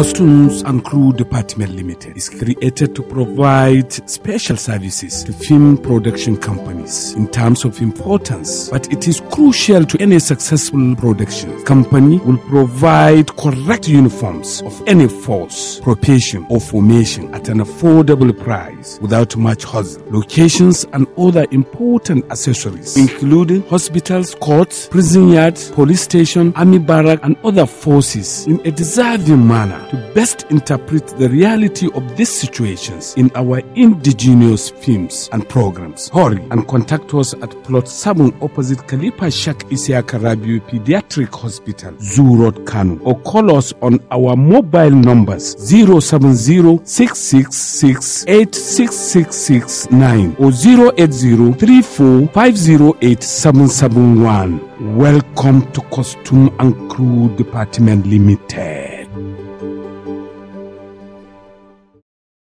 Costumes and Crew Department Limited is created to provide special services to film production companies in terms of importance, but it is crucial to any successful production. Company will provide correct uniforms of any force, profession, or formation at an affordable price without much hassle. Locations and other important accessories, including hospitals, courts, prison yards, police station, army barrack, and other forces in a deserving manner to best interpret the reality of these situations in our indigenous films and programs. Hurry and contact us at plot 7 opposite Kalipashak Shak Pediatric Hospital, Zoo Road, or call us on our mobile numbers 070 666 86669 or 080 Welcome to Costume and Crew Department Limited.